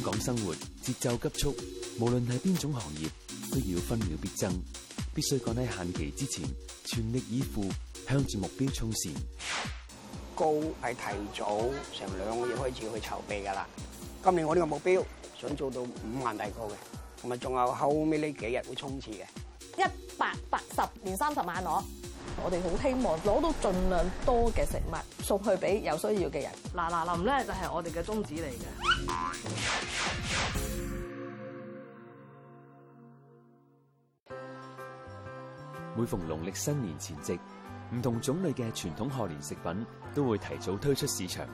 香港生活節奏急速，無論係邊種行業，都要分秒必爭，必須趕喺限期之前，全力以赴向住目標衝線。高係提早成兩個月開始去籌備噶啦，今年我呢個目標想做到五萬大個嘅，同埋仲有後尾呢幾日會衝刺嘅一百八十年三十萬攞，我哋好希望攞到盡量多嘅食物送去俾有需要嘅人。嗱嗱臨咧就係我哋嘅宗旨嚟嘅。每逢農曆新年前夕，唔同種類嘅傳統賀年食品都會提早推出市場。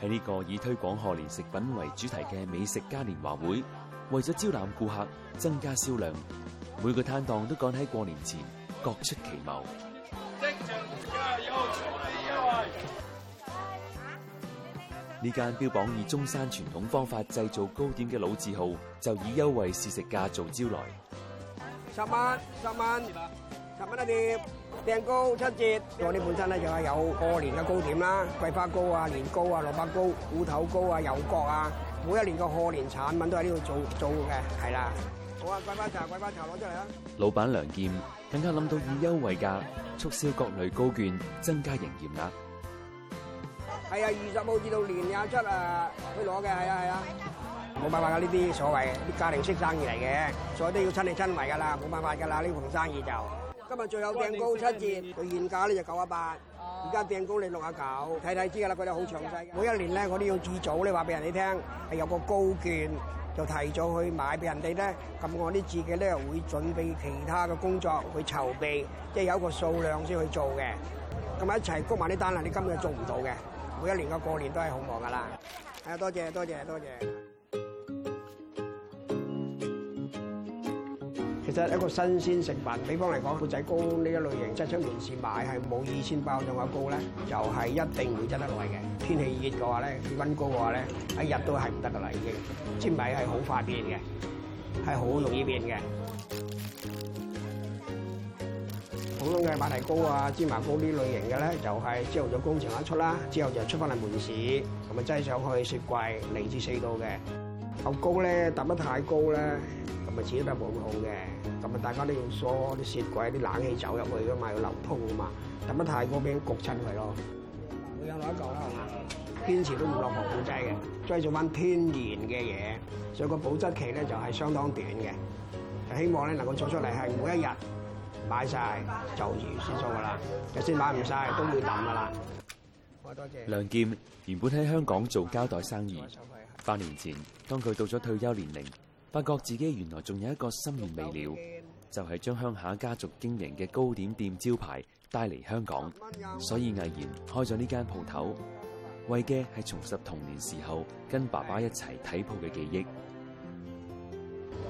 喺呢個以推廣賀年食品為主題嘅美食嘉年華會，為咗招攬顧客、增加銷量，每個攤檔都趕喺過年前各出奇謀。呢間標榜以中山傳統方法製造糕點嘅老字號，就以優惠試食價做招徠。十蚊，十蚊，十蚊一碟，訂糕七折。我哋本身咧就係有過年嘅糕點啦，桂花糕啊、年糕啊、蘿蔔糕、芋頭糕啊、油角啊，每一年嘅賀年產品都喺呢度做做嘅，係啦。好啊，桂花茶，桂花茶攞出嚟啊。老闆梁劍更加諗到以優惠價促銷各類糕券，增加營業額。係啊，二十號至到年廿七啊，去攞嘅係啊係啊，冇辦法㗎。呢啲所謂啲家庭式生意嚟嘅，所以都要親力親為㗎啦，冇辦法㗎啦。呢盤生意就今日最後掟高七折，佢現價咧就九十八，而家掟高你六十九，睇睇知㗎啦。佢哋好詳細嘅。每一年咧，我都要至早咧話俾人哋聽，係有個高券，就提早去買俾人哋咧。咁我哋自己咧會準備其他嘅工作去籌備，即係有一個數量先去做嘅。咁一齊谷埋啲單啦，你根本做唔到嘅。每一年嘅過年都係好忙噶啦，係啊，多謝多謝多謝。其實一個新鮮食品，比方嚟講，缽仔糕呢一類型，即係出門市買，係冇以前包咗嘅糕咧，就係一定會質得耐嘅。天氣熱嘅話咧，氣温高嘅話咧，一日都係唔得噶啦，已經。芝麻係好快變嘅，係好容易變嘅。普通嘅馬蹄糕啊、芝麻糕呢類型嘅咧，就係之後做工程一出啦，之後就出翻嚟門市，咁啊擠上去雪櫃零至四度嘅。好高咧，揼得太高咧，咁啊自己都冇好嘅。咁啊，大家都要鎖啲雪櫃啲冷氣走入去，咁啊要流通噶嘛。揼得太高，俾人焗親佢咯。你有攞一嚿啦？係嘛？堅持都唔落防腐劑嘅，製做翻天然嘅嘢，所以個保質期咧就係相當短嘅。就希望咧能夠做出嚟係每一日。擺晒就如數噶啦，就算買唔晒都會抌噶啦。多謝。梁劍原本喺香港做膠袋生意，八年前當佢到咗退休年齡，發覺自己原來仲有一個心願未了，就係將鄉下家族經營嘅糕點店招牌帶嚟香港，所以毅然開咗呢間鋪頭，為嘅係重拾童年時候跟爸爸一齊睇鋪嘅記憶。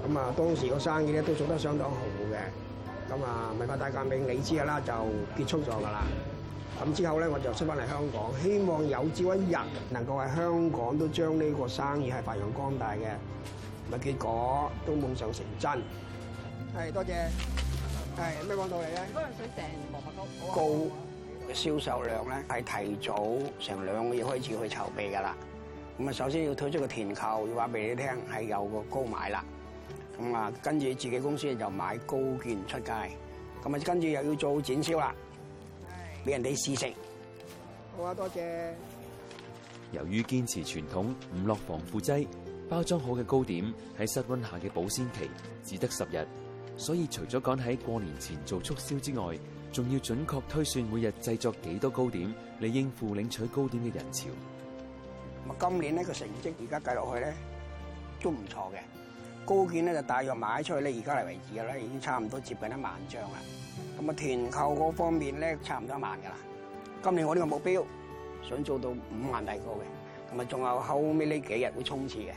咁啊，當時個生意咧都做得相當好嘅。咁啊，文化大革命你知噶啦，就結束咗噶啦。咁之後咧，我就出翻嚟香港，希望有朝一日能夠喺香港都將呢個生意係發揚光大嘅，咪結果都夢想成真。係多謝，係有咩講道理咧？嗰陣時成萬萬個高嘅銷售量咧，係提早成兩個月開始去籌備噶啦。咁啊，首先要推出個團購，要話俾你聽係有個高買啦。咁啊，跟住自己公司就買糕券出街，咁啊跟住又要做展銷啦，俾人哋試食。好啊，多謝。由於堅持傳統，唔落防腐劑，包裝好嘅糕點喺室温下嘅保鮮期只得十日，所以除咗趕喺過年前做促銷之外，仲要準確推算每日製作幾多糕點嚟應付領取糕點嘅人潮。啊，今年呢個成績而家計落去咧，都唔錯嘅。高件咧就大約買出去咧，而家嚟，為止咧已經差唔多接近一萬張啦。咁啊，團購嗰方面咧差唔多一萬噶啦。今年我呢個目標想做到五萬大個嘅，同埋仲有後尾呢幾日會衝刺嘅。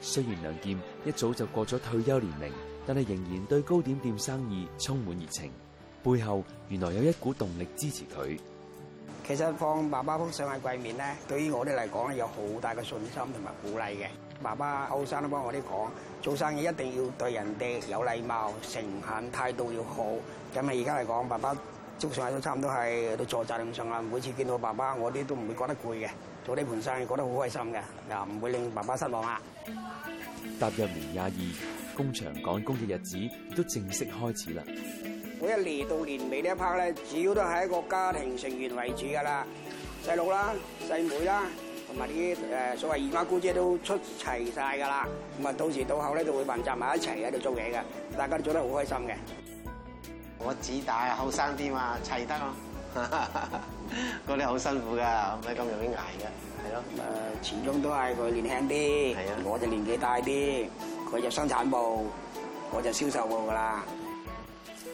雖然梁劍一早就過咗退休年齡，但係仍然對糕點店生意充滿熱情，背後原來有一股動力支持佢。其實放爸爸幅相喺櫃面咧，對於我哋嚟講咧，有好大嘅信心同埋鼓勵嘅。爸爸後生都幫我啲講，做生意一定要對人哋有禮貌，誠懇，態度要好。咁啊而家嚟講，爸爸做上下都差唔多係都助責咁上下。每次見到爸爸，我啲都唔會覺得攰嘅，做呢盤生意覺得好開心嘅，又唔會令爸爸失望啊！踏入年廿二，工場趕工嘅日子都正式開始啦。每一年到年尾呢一 part 咧，主要都係一個家庭成員為主噶啦，細佬啦，細妹啦。同埋啲誒所謂姨媽姑姐都出齊曬㗎啦，咁啊到時到後咧就會混集埋一齊喺度做嘢嘅，大家做得好開心嘅。我子大後生啲嘛，齊得咯。嗰啲好辛苦㗎，唔係咁容易捱嘅，係咯。誒，始終都係佢年輕啲，我就年紀大啲。佢就生產部，我就銷售部㗎啦。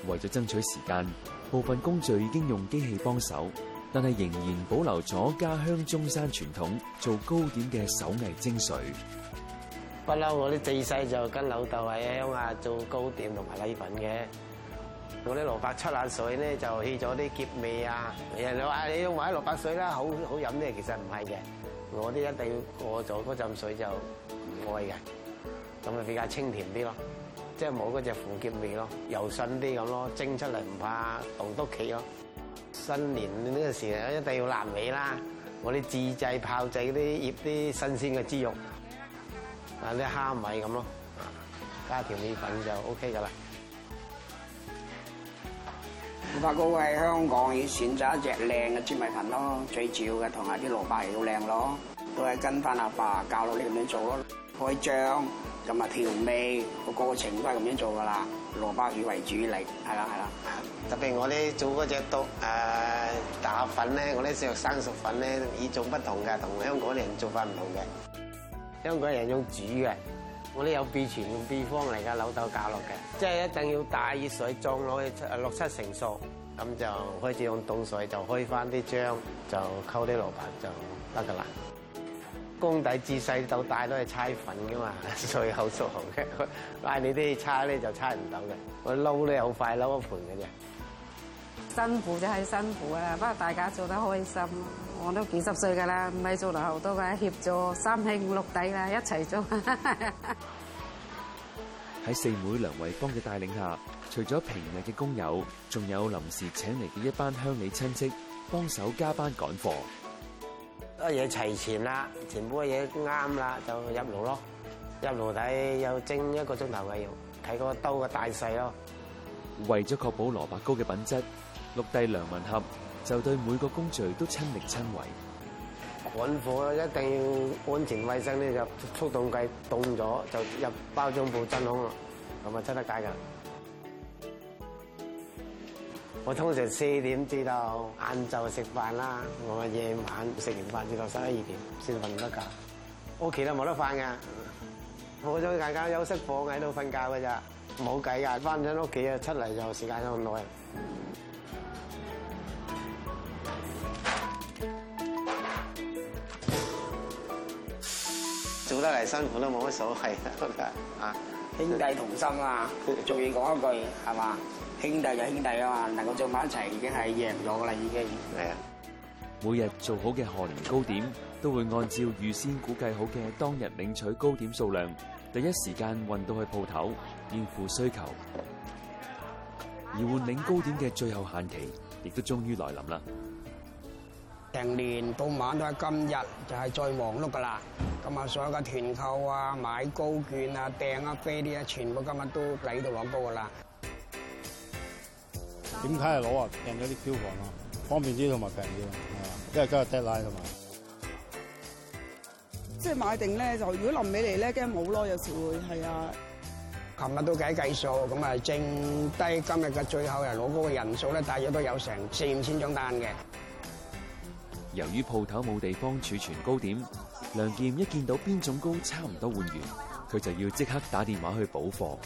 為咗爭取時間，部分工序已經用機器幫手，但係仍然保留咗家鄉中山傳統做糕點嘅手藝精髓。不嬲，我啲最細就跟老豆喺鄉下做糕點同埋禮品嘅。我啲蘿蔔出爛水咧，就起咗啲澀味啊！人哋話你用埋啲蘿蔔水啦，好好飲咧，其實唔係嘅。我啲一定要過咗嗰浸水就唔會嘅，咁咪比較清甜啲咯，即係冇嗰隻苦澀味咯，柔順啲咁咯，蒸出嚟唔怕凍多企咯。新年呢個時候，一定要臘味啦！我哋自製炮製嗰啲醃啲新鮮嘅豬肉，啊啲蝦米咁咯，加條米粉就 OK 噶啦。發哥喺香港要選擇一隻靚嘅豬米粉咯，最主要嘅同埋啲蘿蔔又要靚咯，都係跟翻阿爸教到你咁樣做咯，開張。咁啊，調味個過程都係咁樣做噶啦，蘿蔔條為主力，係啦，係啦。特別我哋做嗰隻到誒打粉咧，我哋使用生熟粉咧，與眾不同㗎，同香港人做法唔同嘅。香港人用煮嘅，我哋有秘傳嘅秘方嚟㗎，老豆教落嘅，即係一定要打熱水，撞落去六七成熟，咁就開始用凍水就開翻啲漿，就溝啲蘿蔔就得㗎啦。工底自細到大都係猜粉噶嘛，所以好熟行嘅。但係你啲猜咧就猜唔到嘅，我撈咧好快撈一盤嘅啫。辛苦就係辛苦啊，不過大家做得開心，我都幾十歲㗎啦，咪做落好多嘅協助三兄五六弟啦，一齊做。喺四妹梁惠芳嘅帶領下，除咗平日嘅工友，仲有臨時請嚟嘅一班鄉里親戚幫手加班趕貨。啲嘢齊全啦，全部嘅嘢啱啦，就入爐咯。入爐底又蒸一個鐘頭嘅，要睇個兜嘅大細咯。為咗確保蘿蔔糕嘅品質，六弟梁文合就對每個工序都親力親為。滾火一定要安全衞生咧，就速凍櫃凍咗就入包裝部真空啦，咁啊真得解㗎。我通常四點至到晏晝食飯啦，我夜晚食完飯至到十一二點先瞓得覺。屋企都冇得瞓㗎，我想大家休息放喺度瞓覺㗎咋，冇計㗎，翻咗屋企啊，出嚟就時間咁耐。做得嚟辛苦都冇乜所謂，啊！兄弟同心啊！仲要講一句，係嘛？兄弟就兄弟啊嘛，能夠做埋一齊，已經係贏咗啦，已經。係啊，每日做好嘅賀年糕點，都會按照預先估計好嘅當日領取糕點數量，第一時間運到去鋪頭應付需求。而換領糕點嘅最後限期，亦都終於來臨啦！成年到晚都係今日就係最忙碌噶啦。咁啊，所有嘅團購啊、買糕券啊、訂啊飛啲啊，全部今日都嚟到攞高糕噶啦。點解係攞啊？訂咗啲票房咯，方便啲同埋平啲，啊，因為今日 deadline 㗎嘛。即、就、係、是、買定咧，就如果臨尾嚟咧，驚冇咯，有時會係啊。琴日都計計數，咁啊，剩低今日嘅最後人攞糕嘅人數咧，大約都有成四五千張單嘅。由於鋪頭冇地方儲存糕點。梁劍一見到邊種工差唔多換完，佢就要即刻打電話去補貨。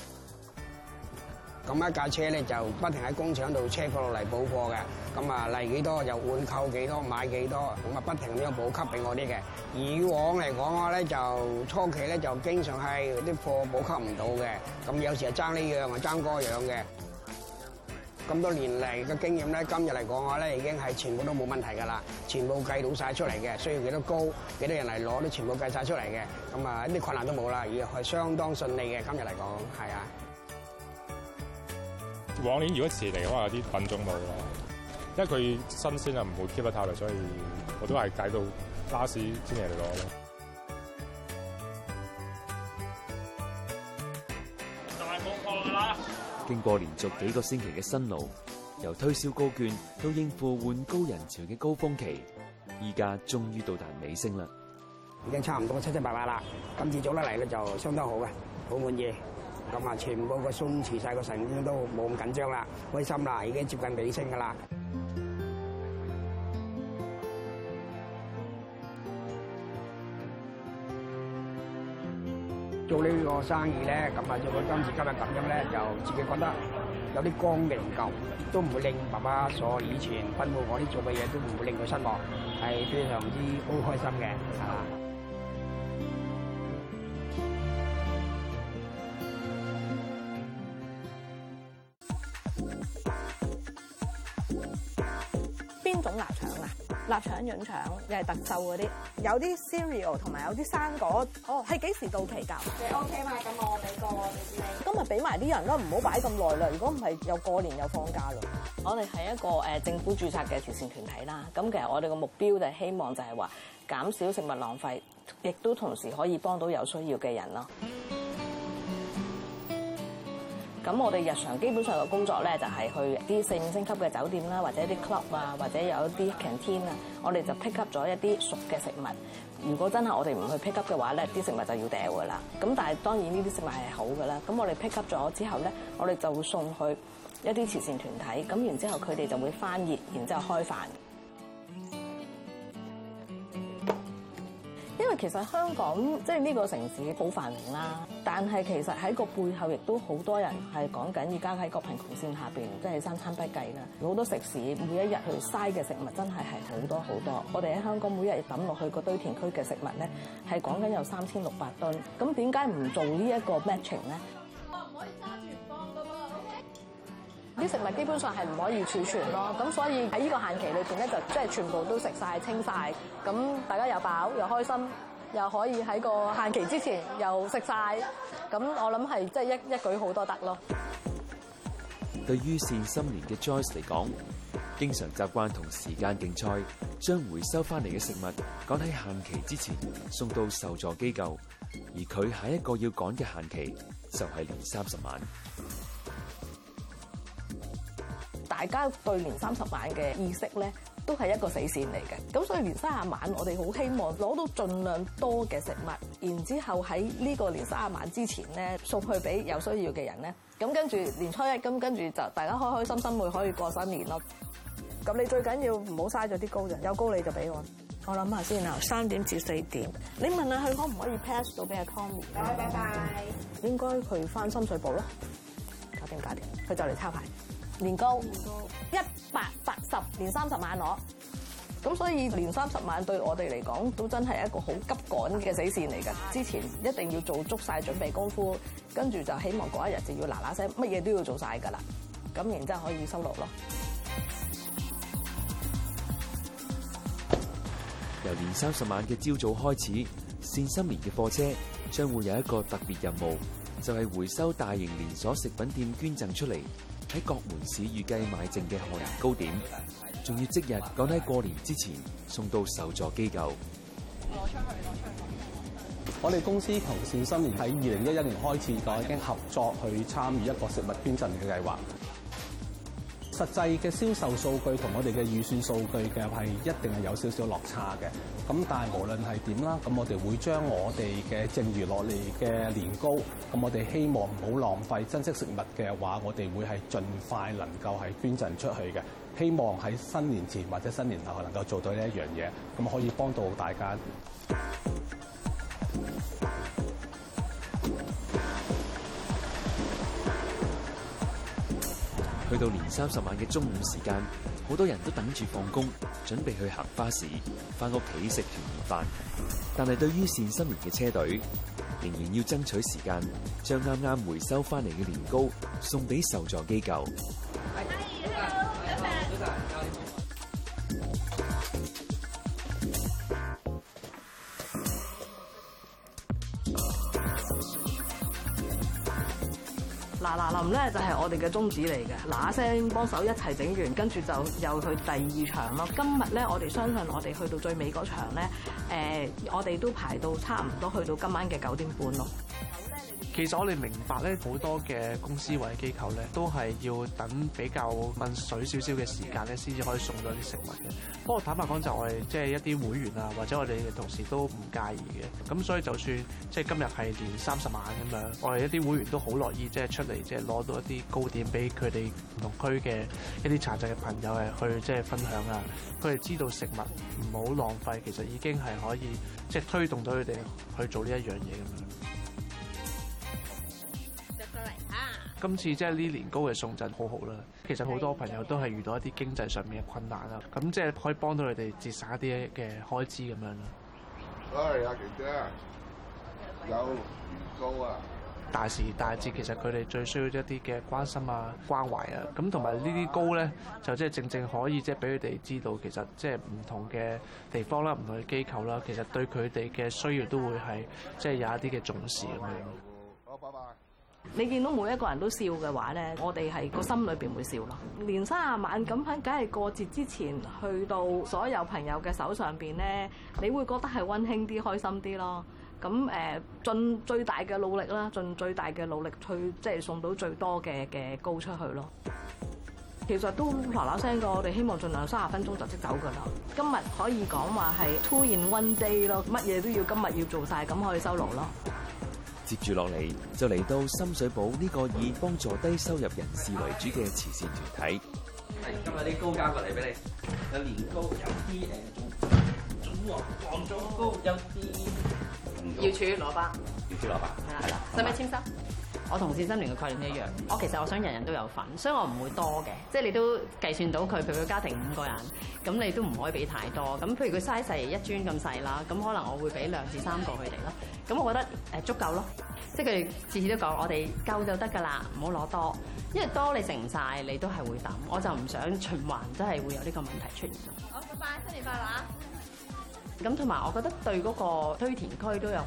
咁一架車咧就不停喺工廠度車過落嚟補貨嘅。咁啊嚟幾多就換購幾多買幾多，咁啊不停咁樣補給俾我啲嘅。以往嚟講嘅話咧，就初期咧就經常係啲貨補給唔到嘅，咁有時係爭呢樣啊爭嗰樣嘅。咁多年嚟嘅經驗咧，今日嚟講嘅話咧，已經係全部都冇問題噶啦，全部計到曬出嚟嘅，需要幾多糕，幾多人嚟攞都全部計曬出嚟嘅，咁啊一啲困難都冇啦，而係相當順利嘅今日嚟講，係啊。往年如果遲嚟嘅話，有啲品種冇咯，因為佢新鮮啊，唔會 keep 得太耐啦，所以我都係計到 last 先嚟攞咯。經過連續幾個星期嘅辛勞，由推銷高券到應付換高人潮嘅高峰期，依家終於到達尾聲啦！已經差唔多七七八八啦，今次做得嚟咧就相當好嘅，好滿意。咁啊，全部個鬆弛晒個神經都冇咁緊張啦，開心啦，已經接近尾聲噶啦。做呢個生意咧，咁啊，做到今時今日咁樣咧，就自己覺得，有啲光明嘅唔夠，都唔會令爸爸所以前吩咐我啲做嘅嘢都唔會令佢失望，係非常之好開心嘅，鴨腸潤腸，又係特首嗰啲，有啲 cereal 同埋有啲生果，哦，係幾時到期㗎？你 OK 嗎？咁我俾個俾我俾你先啦。今日俾埋啲人囉，唔好擺咁耐啦。如果唔係，又過年又放假啦。我哋係一個、呃、政府註冊嘅慈善團體啦。咁其實我哋嘅目標就係希望就係話減少食物浪費，亦都同時可以幫到有需要嘅人咯。嗯咁我哋日常基本上嘅工作咧，就係去啲四五星級嘅酒店啦，或者啲 club 啊，或者有一啲 canteen 啊，我哋就 pick up 咗一啲熟嘅食物。如果真係我哋唔去 pick up 嘅話咧，啲食物就要掉㗎啦。咁但係當然呢啲食物係好㗎啦。咁我哋 pick up 咗之後咧，我哋就會送去一啲慈善團體。咁然之後佢哋就會翻熱，然之後開飯。其實香港即係呢個城市好繁榮啦，但係其實喺個背後亦都好多人係講緊，而家喺個貧窮線下邊，即係三餐不繼啦。好多食肆每一日去嘥嘅食物真係係好多好多。我哋喺香港每日抌落去個堆填區嘅食物咧，係講緊有三千六百噸。咁點解唔做呢一個 matching 咧？啲食物基本上係唔可以儲存咯，咁所以喺呢個限期裏面咧，就即係全部都食曬清曬，咁大家又飽又開心，又可以喺個限期之前又食曬，咁我諗係即係一一舉好多得咯。對於善心連嘅 Joyce 嚟講，經常習慣同時間競賽，將回收翻嚟嘅食物趕喺限期之前送到受助機構，而佢下一個要趕嘅限期就係年三十晚。大家對年三十晚嘅意識咧，都係一個死線嚟嘅。咁所以年卅啊晚，我哋好希望攞到盡量多嘅食物，然之後喺呢個年卅啊晚之前咧，送去俾有需要嘅人咧。咁跟住年初一，咁跟住就大家開開心心會可以過新年咯。咁你最緊要唔好嘥咗啲高人，有高你就俾我。我諗下先啊，三點至四點。你問下佢可唔可以 pass 到俾阿 Tommy 拜拜。Bye bye bye. 應該佢翻深水埗咯。搞掂，搞掂。佢就嚟抄牌。年糕一百八十，180，年三十晚攞咁，所以年三十晚對我哋嚟講都真係一個好急趕嘅死線嚟㗎。之前一定要做足晒準備功夫，跟住就希望嗰一日就要嗱嗱聲，乜嘢都要做晒㗎啦。咁然之後可以收落咯。由年三十晚嘅朝早開始，線心年嘅貨車將會有一個特別任務，就係、是、回收大型連鎖食品店捐贈出嚟，喺各門市預計買剩嘅賀年糕點，仲要即日趕喺過年之前送到受助機構。去去去我哋公司同善心聯喺二零一一年開始就已經合作去參與一個食物捐贈嘅計劃。實際嘅銷售數據同我哋嘅預算數據嘅係一定係有少少落差嘅。咁但係無論係點啦，咁我哋會將我哋嘅剩餘落嚟嘅年糕，咁我哋希望唔好浪費，珍惜食物嘅話，我哋會係盡快能夠係捐贈出去嘅。希望喺新年前或者新年後能夠做到呢一樣嘢，咁可以幫到大家。去到年三十晚嘅中午時間，好多人都等住放工，準備去行花市、翻屋企食團圓飯。但係對於善心人嘅車隊，仍然要爭取時間，將啱啱回收翻嚟嘅年糕送俾受助機構。Bye. 咧就係我哋嘅宗旨嚟嘅，嗱聲幫手一齊整完，跟住就又去第二場咯。今日咧，我哋相信我哋去到最尾嗰場咧、呃，我哋都排到差唔多去到今晚嘅九點半咯。其實我哋明白咧，好多嘅公司或者機構咧，都係要等比較問水少少嘅時間咧，先至可以送到啲食物嘅。不過坦白講，就我哋即係一啲會員啊，或者我哋嘅同事都唔介意嘅。咁所以就算即係今日係年三十晚咁樣，我哋一啲會員都好樂意即係出嚟，即係攞到一啲糕點俾佢哋唔同區嘅一啲殘疾嘅朋友係去即係分享啊。佢哋知道食物唔好浪費，其實已經係可以即係推動到佢哋去做呢一樣嘢咁樣。今次即係呢年糕嘅送贈好好啦，其實好多朋友都係遇到一啲經濟上面嘅困難啦，咁即係可以幫到佢哋節省一啲嘅開支咁樣咯。係啊，姐姐有年糕啊！大時大節，其實佢哋最需要一啲嘅關心啊、關懷啊，咁同埋呢啲糕咧，就即係正正可以即係俾佢哋知道，其實即係唔同嘅地方啦、唔同嘅機構啦，其實對佢哋嘅需要都會係即係有一啲嘅重視咁樣。你見到每一個人都笑嘅話咧，我哋係個心裏面會笑咯。年卅晚咁喺，梗係過節之前去到所有朋友嘅手上邊咧，你會覺得係温馨啲、開心啲咯。咁誒，盡最大嘅努力啦，盡最大嘅努力，努力去即係送到最多嘅嘅糕出去咯。其實都嗱嗱聲過，我哋希望盡量三十分鐘就即走噶啦。今日可以講話係 Two in One Day 咯，乜嘢都要今日要做晒，咁可以收爐咯。接住落嚟就嚟到深水埗呢個以幫助低收入人士為主嘅慈善團體。係今日啲糕交過嚟俾你，有年糕，有啲誒粽，粽啊糖粽糕，有啲瑤柱蘿蔔，瑤柱蘿蔔係啦，使唔使簽收？我同善心聯嘅概念一樣，我其實我想人人都有份，所以我唔會多嘅，即係你都計算到佢譬如佢家庭五個人，咁你都唔可以俾太多。咁譬如佢嘥細一磚咁細啦，咁可能我會俾兩至三個佢哋咯。咁我覺得誒足夠咯，即係佢哋次次都講我哋夠就得㗎啦，唔好攞多，因為多你成晒，你都係會抌。我就唔想循環真係會有呢個問題出現。好，拜拜，新年快樂啊！咁同埋我覺得對嗰個堆填區都有好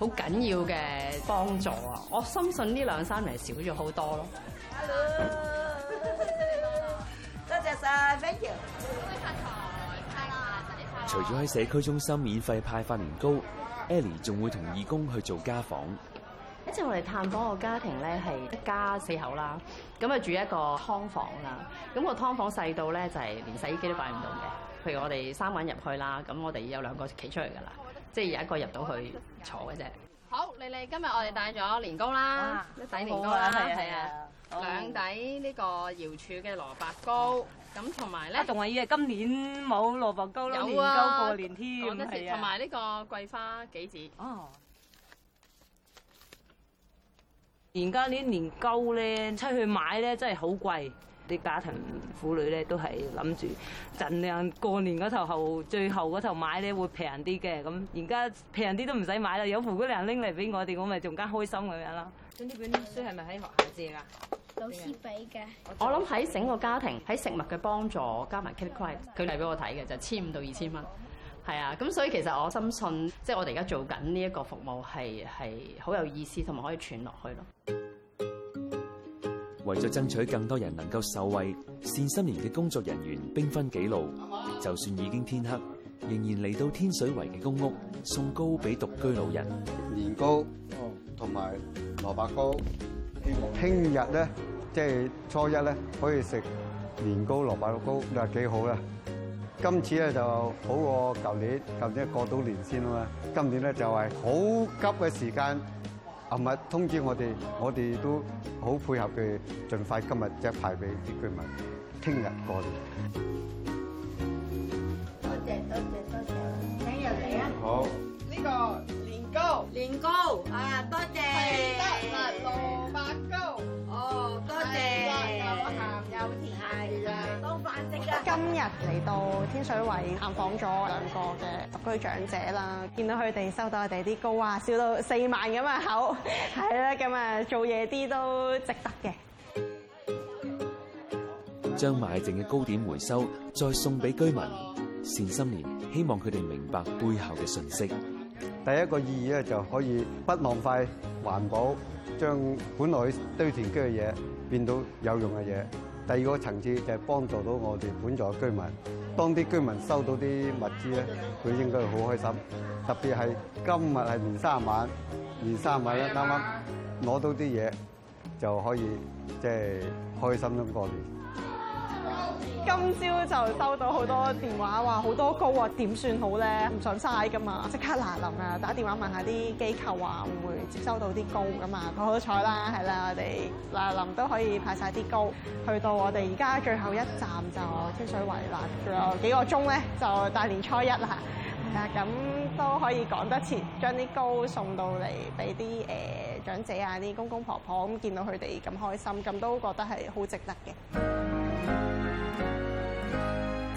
好緊要嘅幫助啊！我深信。呢兩三年少咗好多咯。Hello，多謝晒，Thank you。除咗喺社區中心免費派發年糕，Ellie 仲會同義工去做家訪。一日我哋探訪個家庭咧，係一家四口啦。咁啊住一個劏房啦。咁個劏房細到咧就係連洗衣機都擺唔到嘅。譬如我哋三個人入去啦，咁我哋有兩個企出嚟㗎啦，即係有一個入到去坐嘅啫。好，麗麗，今日我哋帶咗年糕啦，一底年糕啦，係啊，兩底呢個瑤柱嘅蘿蔔糕，咁同埋咧，仲係以為今年冇蘿蔔糕咧，年糕過年添，係啊，同埋呢個桂花杞子。哦，而家呢年糕咧，出去買咧真係好貴。啲家庭婦女咧都係諗住盡量過年嗰頭後最後嗰頭買咧會平啲嘅。咁而家平啲都唔使買啦，有胡姑娘拎嚟俾我哋，我咪仲加開心咁樣啦。總之本書係咪喺學校借㗎？老師俾嘅。我諗喺整個家庭喺食物嘅幫助，加埋 credit card，佢嚟俾我睇嘅就千五到二千蚊。係啊，咁所以其實我深信，即係我哋而家做緊呢一個服務係係好有意思，同埋可以傳落去咯。為咗爭取更多人能夠受惠，善心年嘅工作人員兵分幾路，就算已經天黑，仍然嚟到天水圍嘅公屋，送糕畀獨居老人年糕同埋蘿蔔糕。聽日呢，即係初一呢可以食年糕、蘿蔔糕，就算是幾好啦。今次呢就好過舊年，舊年過到年先吖嘛，今年呢就係好急嘅時間，啊！唔係通知我哋，我哋都好配合佢，盡快今日即係派俾啲居民，聽日過嚟。多謝多謝多謝，聽日嚟啊！好，呢、這個年糕，年糕啊！多謝。今日嚟到天水圍探訪咗兩個嘅獨居長者啦，見到佢哋收到我哋啲糕啊，笑到四萬咁嘅口，係啦，咁啊做嘢啲都值得嘅。將賣剩嘅糕點回收，再送俾居民，善心年希望佢哋明白背後嘅信息。第一個意義咧，就可以不浪費、環保，將本來堆填區嘅嘢變到有用嘅嘢。第二個層次就係幫助到我哋本座嘅居民，當啲居民收到啲物資咧，佢應該好開心。特別係今日係年卅晚，年卅晚咧，啱啱攞到啲嘢，就可以即係、就是、開心咁過年。今朝就收到好多電話，話好多糕啊，點算好咧？唔想嘥噶嘛，即刻嗱臨啊，打電話問下啲機構話，會唔會接收到啲糕噶嘛？好好彩啦，係啦，我哋嗱臨都可以派晒啲糕。去到我哋而家最後一站就天水圍啦，仲有幾個鐘咧，就大年初一啦。係啊，咁都可以趕得切，將啲糕送到嚟俾啲誒長者啊，啲公公婆婆咁，見到佢哋咁開心，咁都覺得係好值得嘅。